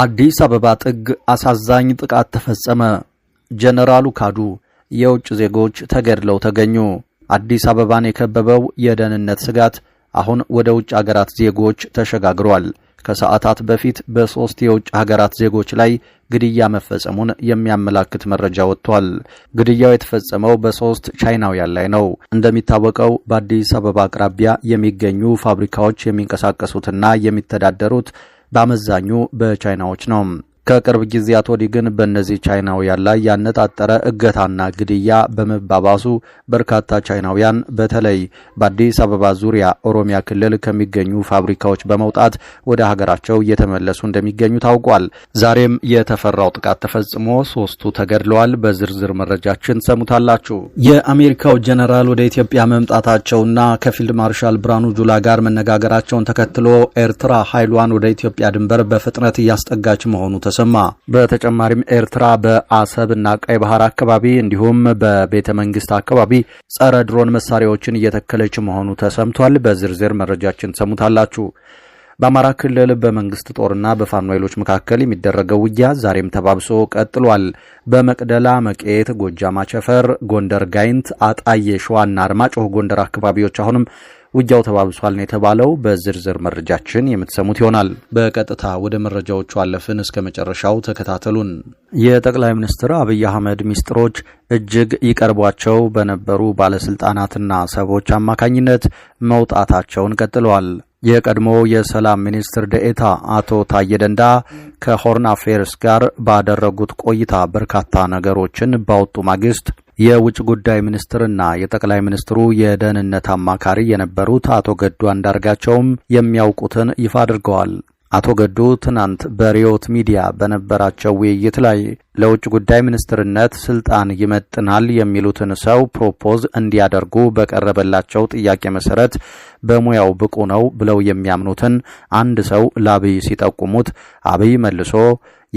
አዲስ አበባ ጥግ አሳዛኝ ጥቃት ተፈጸመ። ጀነራሉ ካዱ። የውጭ ዜጎች ተገድለው ተገኙ። አዲስ አበባን የከበበው የደህንነት ስጋት አሁን ወደ ውጭ አገራት ዜጎች ተሸጋግሯል። ከሰዓታት በፊት በሦስት የውጭ ሀገራት ዜጎች ላይ ግድያ መፈጸሙን የሚያመላክት መረጃ ወጥቷል። ግድያው የተፈጸመው በሦስት ቻይናውያን ላይ ነው። እንደሚታወቀው በአዲስ አበባ አቅራቢያ የሚገኙ ፋብሪካዎች የሚንቀሳቀሱትና የሚተዳደሩት በአመዛኙ በቻይናዎች ነው። ከቅርብ ጊዜያት ወዲህ ግን በእነዚህ ቻይናውያን ላይ ያነጣጠረ እገታና ግድያ በመባባሱ በርካታ ቻይናውያን በተለይ በአዲስ አበባ ዙሪያ ኦሮሚያ ክልል ከሚገኙ ፋብሪካዎች በመውጣት ወደ ሀገራቸው እየተመለሱ እንደሚገኙ ታውቋል። ዛሬም የተፈራው ጥቃት ተፈጽሞ ሶስቱ ተገድለዋል። በዝርዝር መረጃችን ሰሙታላችሁ። የአሜሪካው ጀነራል ወደ ኢትዮጵያ መምጣታቸውና ከፊልድ ማርሻል ብርሃኑ ጁላ ጋር መነጋገራቸውን ተከትሎ ኤርትራ ኃይሏን ወደ ኢትዮጵያ ድንበር በፍጥነት እያስጠጋች መሆኑ ተሰማ። በተጨማሪም ኤርትራ በአሰብ እና ቀይ ባህር አካባቢ እንዲሁም በቤተ መንግስት አካባቢ ጸረ ድሮን መሳሪያዎችን እየተከለች መሆኑ ተሰምቷል። በዝርዝር መረጃችን ሰሙታላችሁ። በአማራ ክልል በመንግስት ጦርና በፋኖ ኃይሎች መካከል የሚደረገው ውጊያ ዛሬም ተባብሶ ቀጥሏል። በመቅደላ፣ መቄት፣ ጎጃም አቸፈር፣ ጎንደር ጋይንት፣ አጣዬ፣ ሸዋና አርማጮህ ጎንደር አካባቢዎች አሁንም ውጊያው ተባብሷል ነው የተባለው። በዝርዝር መረጃችን የምትሰሙት ይሆናል። በቀጥታ ወደ መረጃዎቹ አለፍን። እስከ መጨረሻው ተከታተሉን። የጠቅላይ ሚኒስትር አብይ አህመድ ሚስጥሮች እጅግ ይቀርቧቸው በነበሩ ባለስልጣናትና ሰዎች አማካኝነት መውጣታቸውን ቀጥለዋል። የቀድሞ የሰላም ሚኒስትር ደኤታ አቶ ታዬ ደንዳ ከሆርን አፌርስ ጋር ባደረጉት ቆይታ በርካታ ነገሮችን ባወጡ ማግስት የውጭ ጉዳይ ሚኒስትርና የጠቅላይ ሚኒስትሩ የደህንነት አማካሪ የነበሩት አቶ ገዱ አንዳርጋቸውም የሚያውቁትን ይፋ አድርገዋል። አቶ ገዱ ትናንት በሪዮት ሚዲያ በነበራቸው ውይይት ላይ ለውጭ ጉዳይ ሚኒስትርነት ስልጣን ይመጥናል የሚሉትን ሰው ፕሮፖዝ እንዲያደርጉ በቀረበላቸው ጥያቄ መሰረት በሙያው ብቁ ነው ብለው የሚያምኑትን አንድ ሰው ለአብይ ሲጠቁሙት አብይ መልሶ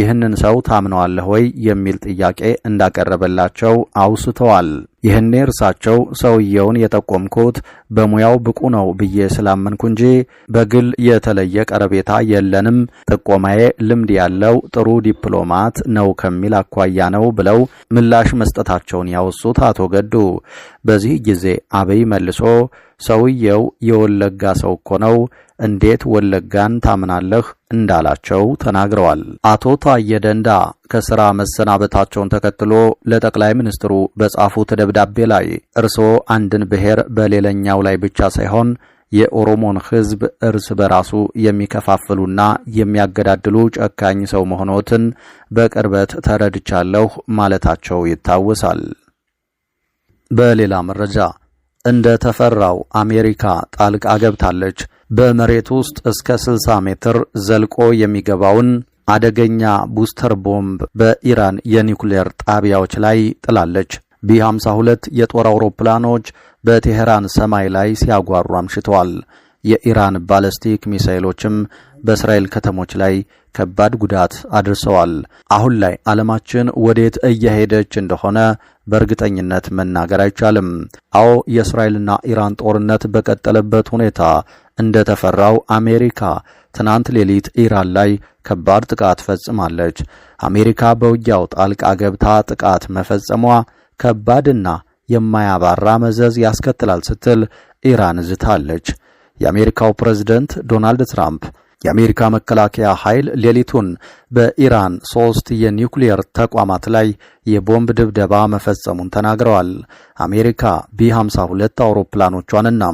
ይህንን ሰው ታምነዋለህ ወይ የሚል ጥያቄ እንዳቀረበላቸው አውስተዋል። ይህኔ እርሳቸው ሰውየውን የጠቆምኩት በሙያው ብቁ ነው ብዬ ስላመንኩ እንጂ በግል የተለየ ቀረቤታ የለንም፣ ጥቆማዬ ልምድ ያለው ጥሩ ዲፕሎማት ነው ከሚል አኳያ ነው ብለው ምላሽ መስጠታቸውን ያወሱት አቶ ገዱ በዚህ ጊዜ አብይ መልሶ ሰውየው የወለጋ ሰው እኮ ነው እንዴት ወለጋን ታምናለህ እንዳላቸው ተናግረዋል። አቶ ታየደንዳ ደንዳ ከስራ መሰናበታቸውን ተከትሎ ለጠቅላይ ሚኒስትሩ በጻፉት ደብዳቤ ላይ እርስዎ አንድን ብሔር በሌላኛው ላይ ብቻ ሳይሆን የኦሮሞን ሕዝብ እርስ በራሱ የሚከፋፍሉና የሚያገዳድሉ ጨካኝ ሰው መሆኖትን በቅርበት ተረድቻለሁ ማለታቸው ይታወሳል። በሌላ መረጃ እንደ ተፈራው አሜሪካ ጣልቃ ገብታለች፣ በመሬት ውስጥ እስከ 60 ሜትር ዘልቆ የሚገባውን አደገኛ ቡስተር ቦምብ በኢራን የኒውክሌር ጣቢያዎች ላይ ጥላለች። ቢ52 የጦር አውሮፕላኖች በቴሄራን ሰማይ ላይ ሲያጓሩ አምሽተዋል። የኢራን ባለስቲክ ሚሳይሎችም በእስራኤል ከተሞች ላይ ከባድ ጉዳት አድርሰዋል። አሁን ላይ ዓለማችን ወዴት እየሄደች እንደሆነ በእርግጠኝነት መናገር አይቻልም። አዎ የእስራኤልና ኢራን ጦርነት በቀጠለበት ሁኔታ እንደተፈራው አሜሪካ ትናንት ሌሊት ኢራን ላይ ከባድ ጥቃት ፈጽማለች። አሜሪካ በውጊያው ጣልቃ ገብታ ጥቃት መፈጸሟ ከባድና የማያባራ መዘዝ ያስከትላል ስትል ኢራን ዝታለች። የአሜሪካው ፕሬዝደንት ዶናልድ ትራምፕ የአሜሪካ መከላከያ ኃይል ሌሊቱን በኢራን ሶስት የኒውክሊየር ተቋማት ላይ የቦምብ ድብደባ መፈጸሙን ተናግረዋል። አሜሪካ ቢ52 አውሮፕላኖቿንና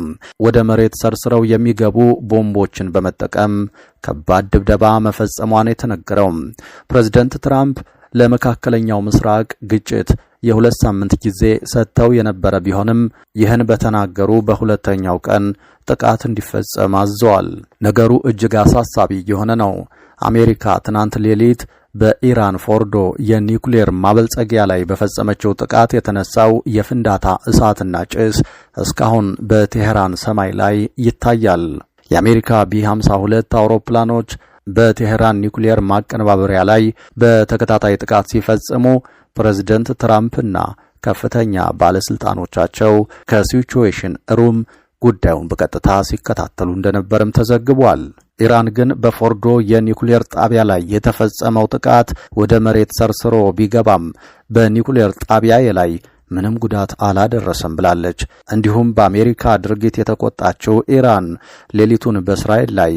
ወደ መሬት ሰርስረው የሚገቡ ቦምቦችን በመጠቀም ከባድ ድብደባ መፈጸሟን የተነገረው ፕሬዝደንት ትራምፕ ለመካከለኛው ምስራቅ ግጭት የሁለት ሳምንት ጊዜ ሰጥተው የነበረ ቢሆንም ይህን በተናገሩ በሁለተኛው ቀን ጥቃት እንዲፈጸም አዘዋል። ነገሩ እጅግ አሳሳቢ የሆነ ነው። አሜሪካ ትናንት ሌሊት በኢራን ፎርዶ የኒውክሌር ማበልጸጊያ ላይ በፈጸመችው ጥቃት የተነሳው የፍንዳታ እሳትና ጭስ እስካሁን በቴሄራን ሰማይ ላይ ይታያል። የአሜሪካ ቢ52 አውሮፕላኖች በቴሄራን ኒውክሌር ማቀነባበሪያ ላይ በተከታታይ ጥቃት ሲፈጽሙ ፕሬዝደንት ትራምፕና ከፍተኛ ባለስልጣኖቻቸው ከሲቹዌሽን ሩም ጉዳዩን በቀጥታ ሲከታተሉ እንደነበርም ተዘግቧል። ኢራን ግን በፎርዶ የኒኩሌር ጣቢያ ላይ የተፈጸመው ጥቃት ወደ መሬት ሰርስሮ ቢገባም በኒኩሌር ጣቢያ ላይ ምንም ጉዳት አላደረሰም ብላለች። እንዲሁም በአሜሪካ ድርጊት የተቆጣችው ኢራን ሌሊቱን በእስራኤል ላይ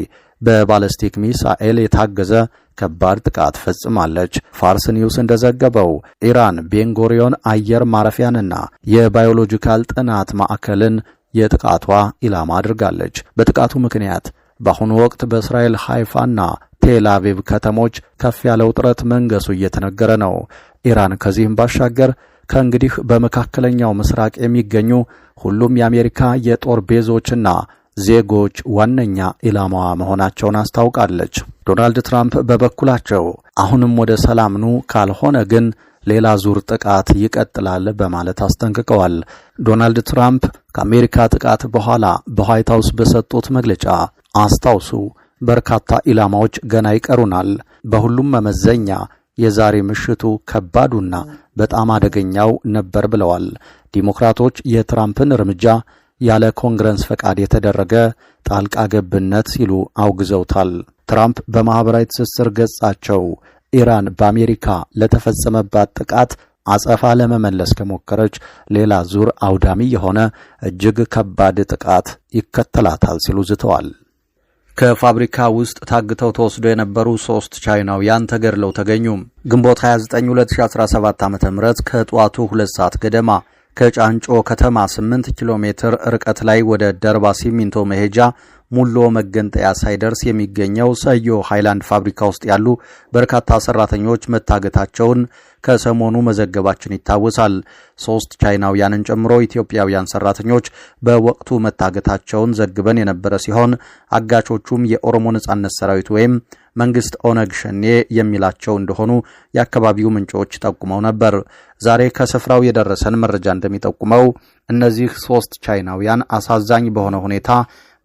በባለስቲክ ሚሳኤል የታገዘ ከባድ ጥቃት ፈጽማለች። ፋርስ ኒውስ እንደዘገበው ኢራን ቤንጎሪዮን አየር ማረፊያንና የባዮሎጂካል ጥናት ማዕከልን የጥቃቷ ኢላማ አድርጋለች። በጥቃቱ ምክንያት በአሁኑ ወቅት በእስራኤል ሃይፋና ቴላቪቭ ከተሞች ከፍ ያለ ውጥረት መንገሱ እየተነገረ ነው። ኢራን ከዚህም ባሻገር ከእንግዲህ በመካከለኛው ምስራቅ የሚገኙ ሁሉም የአሜሪካ የጦር ቤዞችና ዜጎች ዋነኛ ኢላማዋ መሆናቸውን አስታውቃለች። ዶናልድ ትራምፕ በበኩላቸው አሁንም ወደ ሰላም ኑ፣ ካልሆነ ግን ሌላ ዙር ጥቃት ይቀጥላል በማለት አስጠንቅቀዋል። ዶናልድ ትራምፕ ከአሜሪካ ጥቃት በኋላ በዋይት ሀውስ በሰጡት መግለጫ አስታውሱ፣ በርካታ ኢላማዎች ገና ይቀሩናል። በሁሉም መመዘኛ የዛሬ ምሽቱ ከባዱና በጣም አደገኛው ነበር ብለዋል። ዲሞክራቶች የትራምፕን እርምጃ ያለ ኮንግረስ ፈቃድ የተደረገ ጣልቃ ገብነት ሲሉ አውግዘውታል። ትራምፕ በማኅበራዊ ትስስር ገጻቸው ኢራን በአሜሪካ ለተፈጸመባት ጥቃት አጸፋ ለመመለስ ከሞከረች ሌላ ዙር አውዳሚ የሆነ እጅግ ከባድ ጥቃት ይከተላታል ሲሉ ዝተዋል። ከፋብሪካ ውስጥ ታግተው ተወስዶ የነበሩ ሦስት ቻይናውያን ተገድለው ተገኙ። ግንቦት 29 2017 ዓ ም ከጠዋቱ ሁለት ሰዓት ገደማ ከጫንጮ ከተማ 8 ኪሎ ሜትር ርቀት ላይ ወደ ደርባ ሲሚንቶ መሄጃ ሙሎ መገንጠያ ሳይደርስ የሚገኘው ሰዮ ሃይላንድ ፋብሪካ ውስጥ ያሉ በርካታ ሰራተኞች መታገታቸውን ከሰሞኑ መዘገባችን ይታወሳል። ሶስት ቻይናውያንን ጨምሮ ኢትዮጵያውያን ሰራተኞች በወቅቱ መታገታቸውን ዘግበን የነበረ ሲሆን አጋቾቹም የኦሮሞ ነጻነት ሰራዊት ወይም መንግስት ኦነግ ሸኔ የሚላቸው እንደሆኑ የአካባቢው ምንጮች ጠቁመው ነበር። ዛሬ ከስፍራው የደረሰን መረጃ እንደሚጠቁመው እነዚህ ሶስት ቻይናውያን አሳዛኝ በሆነ ሁኔታ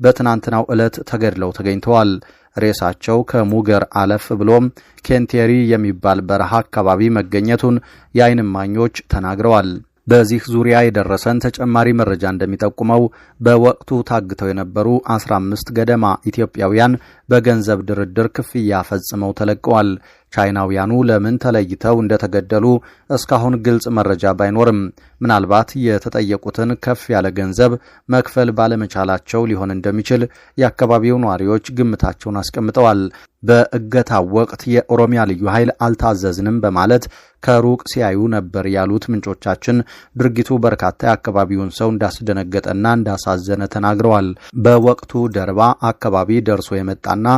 በትናንትናው ዕለት ተገድለው ተገኝተዋል። ሬሳቸው ከሙገር አለፍ ብሎም ኬንቴሪ የሚባል በረሃ አካባቢ መገኘቱን የዓይን እማኞች ተናግረዋል። በዚህ ዙሪያ የደረሰን ተጨማሪ መረጃ እንደሚጠቁመው በወቅቱ ታግተው የነበሩ 15 ገደማ ኢትዮጵያውያን በገንዘብ ድርድር ክፍያ ፈጽመው ተለቀዋል። ቻይናውያኑ ለምን ተለይተው እንደተገደሉ እስካሁን ግልጽ መረጃ ባይኖርም ምናልባት የተጠየቁትን ከፍ ያለ ገንዘብ መክፈል ባለመቻላቸው ሊሆን እንደሚችል የአካባቢው ነዋሪዎች ግምታቸውን አስቀምጠዋል። በእገታው ወቅት የኦሮሚያ ልዩ ኃይል አልታዘዝንም በማለት ከሩቅ ሲያዩ ነበር ያሉት ምንጮቻችን ድርጊቱ በርካታ የአካባቢውን ሰው እንዳስደነገጠና እንዳሳዘነ ተናግረዋል። በወቅቱ ደርባ አካባቢ ደርሶ የመጣ የተነሳና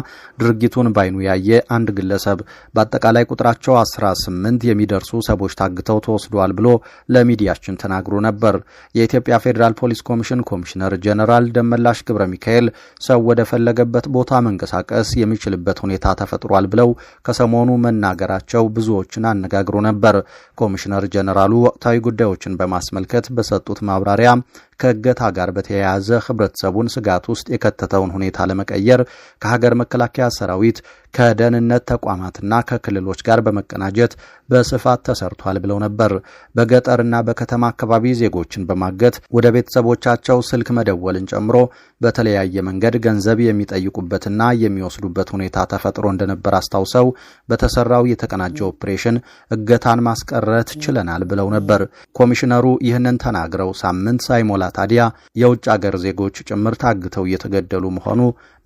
ድርጊቱን ባይኑ ያየ አንድ ግለሰብ በአጠቃላይ ቁጥራቸው 18 የሚደርሱ ሰዎች ታግተው ተወስደዋል ብሎ ለሚዲያችን ተናግሮ ነበር። የኢትዮጵያ ፌዴራል ፖሊስ ኮሚሽን ኮሚሽነር ጀነራል ደመላሽ ገብረ ሚካኤል ሰው ወደፈለገበት ቦታ መንቀሳቀስ የሚችልበት ሁኔታ ተፈጥሯል ብለው ከሰሞኑ መናገራቸው ብዙዎችን አነጋግሮ ነበር። ኮሚሽነር ጀነራሉ ወቅታዊ ጉዳዮችን በማስመልከት በሰጡት ማብራሪያ ከእገታ ጋር በተያያዘ ህብረተሰቡን ስጋት ውስጥ የከተተውን ሁኔታ ለመቀየር ከሀገር መከላከያ ሰራዊት ከደህንነት ተቋማትና ከክልሎች ጋር በመቀናጀት በስፋት ተሰርቷል ብለው ነበር። በገጠርና በከተማ አካባቢ ዜጎችን በማገት ወደ ቤተሰቦቻቸው ስልክ መደወልን ጨምሮ በተለያየ መንገድ ገንዘብ የሚጠይቁበትና የሚወስዱበት ሁኔታ ተፈጥሮ እንደነበር አስታውሰው በተሰራው የተቀናጀ ኦፕሬሽን እገታን ማስቀረት ችለናል ብለው ነበር። ኮሚሽነሩ ይህንን ተናግረው ሳምንት ሳይሞላ ታዲያ የውጭ አገር ዜጎች ጭምር ታግተው እየተገደሉ መሆኑ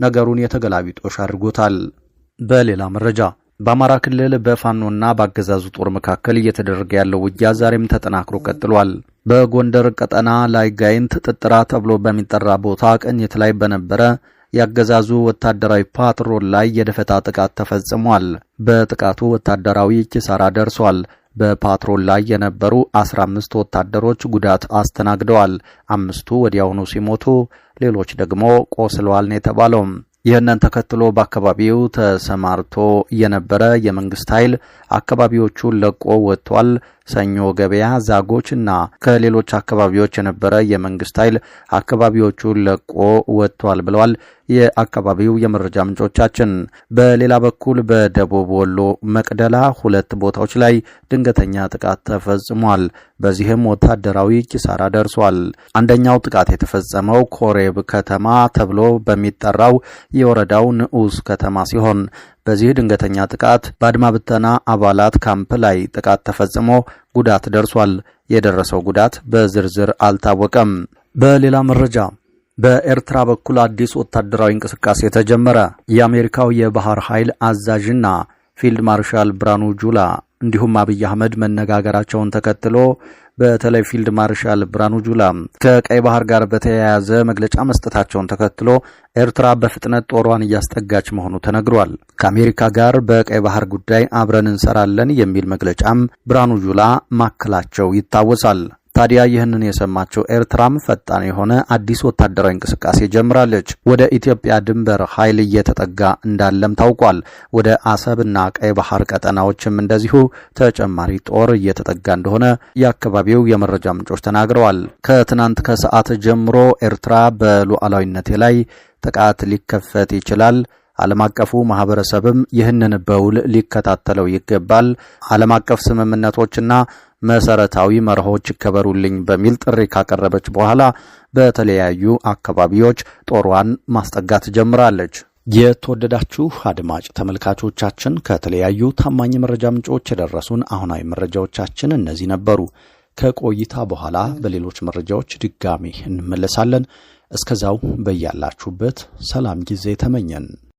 ነገሩን የተገላቢጦሽ አድርጎታል። በሌላ መረጃ በአማራ ክልል በፋኖና በአገዛዙ ጦር መካከል እየተደረገ ያለው ውጊያ ዛሬም ተጠናክሮ ቀጥሏል። በጎንደር ቀጠና ላይ ጋይንት ጥጥራ ተብሎ በሚጠራ ቦታ ቅኝት ላይ በነበረ የአገዛዙ ወታደራዊ ፓትሮል ላይ የደፈጣ ጥቃት ተፈጽሟል። በጥቃቱ ወታደራዊ ኪሳራ ደርሷል። በፓትሮል ላይ የነበሩ 15 ወታደሮች ጉዳት አስተናግደዋል። አምስቱ ወዲያውኑ ሲሞቱ፣ ሌሎች ደግሞ ቆስለዋል ነው የተባለው። ይህንን ተከትሎ በአካባቢው ተሰማርቶ የነበረ የመንግስት ኃይል አካባቢዎቹን ለቆ ወጥቷል። ሰኞ ገበያ፣ ዛጎች እና ከሌሎች አካባቢዎች የነበረ የመንግስት ኃይል አካባቢዎቹን ለቆ ወጥቷል ብለዋል የአካባቢው የመረጃ ምንጮቻችን። በሌላ በኩል በደቡብ ወሎ መቅደላ ሁለት ቦታዎች ላይ ድንገተኛ ጥቃት ተፈጽሟል። በዚህም ወታደራዊ ኪሳራ ደርሷል። አንደኛው ጥቃት የተፈጸመው ኮሬብ ከተማ ተብሎ በሚጠራው የወረዳው ንዑስ ከተማ ሲሆን በዚህ ድንገተኛ ጥቃት በአድማ ብተና አባላት ካምፕ ላይ ጥቃት ተፈጽሞ ጉዳት ደርሷል። የደረሰው ጉዳት በዝርዝር አልታወቀም። በሌላ መረጃ በኤርትራ በኩል አዲስ ወታደራዊ እንቅስቃሴ ተጀመረ። የአሜሪካው የባህር ኃይል አዛዥና ፊልድ ማርሻል ብርሃኑ ጁላ እንዲሁም አብይ አህመድ መነጋገራቸውን ተከትሎ በተለይ ፊልድ ማርሻል ብርሃኑ ጁላ ከቀይ ባህር ጋር በተያያዘ መግለጫ መስጠታቸውን ተከትሎ ኤርትራ በፍጥነት ጦሯን እያስጠጋች መሆኑ ተነግሯል። ከአሜሪካ ጋር በቀይ ባህር ጉዳይ አብረን እንሰራለን የሚል መግለጫም ብርሃኑ ጁላ ማከላቸው ይታወሳል። ታዲያ ይህንን የሰማችው ኤርትራም ፈጣን የሆነ አዲስ ወታደራዊ እንቅስቃሴ ጀምራለች። ወደ ኢትዮጵያ ድንበር ኃይል እየተጠጋ እንዳለም ታውቋል። ወደ አሰብና ቀይ ባህር ቀጠናዎችም እንደዚሁ ተጨማሪ ጦር እየተጠጋ እንደሆነ የአካባቢው የመረጃ ምንጮች ተናግረዋል። ከትናንት ከሰዓት ጀምሮ ኤርትራ በሉዓላዊነቴ ላይ ጥቃት ሊከፈት ይችላል ዓለም አቀፉ ማህበረሰብም ይህንን በውል ሊከታተለው ይገባል። ዓለም አቀፍ ስምምነቶችና መሰረታዊ መርሆች ይከበሩልኝ በሚል ጥሪ ካቀረበች በኋላ በተለያዩ አካባቢዎች ጦሯን ማስጠጋት ጀምራለች። የተወደዳችሁ አድማጭ ተመልካቾቻችን ከተለያዩ ታማኝ መረጃ ምንጮች የደረሱን አሁናዊ መረጃዎቻችን እነዚህ ነበሩ። ከቆይታ በኋላ በሌሎች መረጃዎች ድጋሚ እንመለሳለን። እስከዛው በያላችሁበት ሰላም ጊዜ ተመኘን።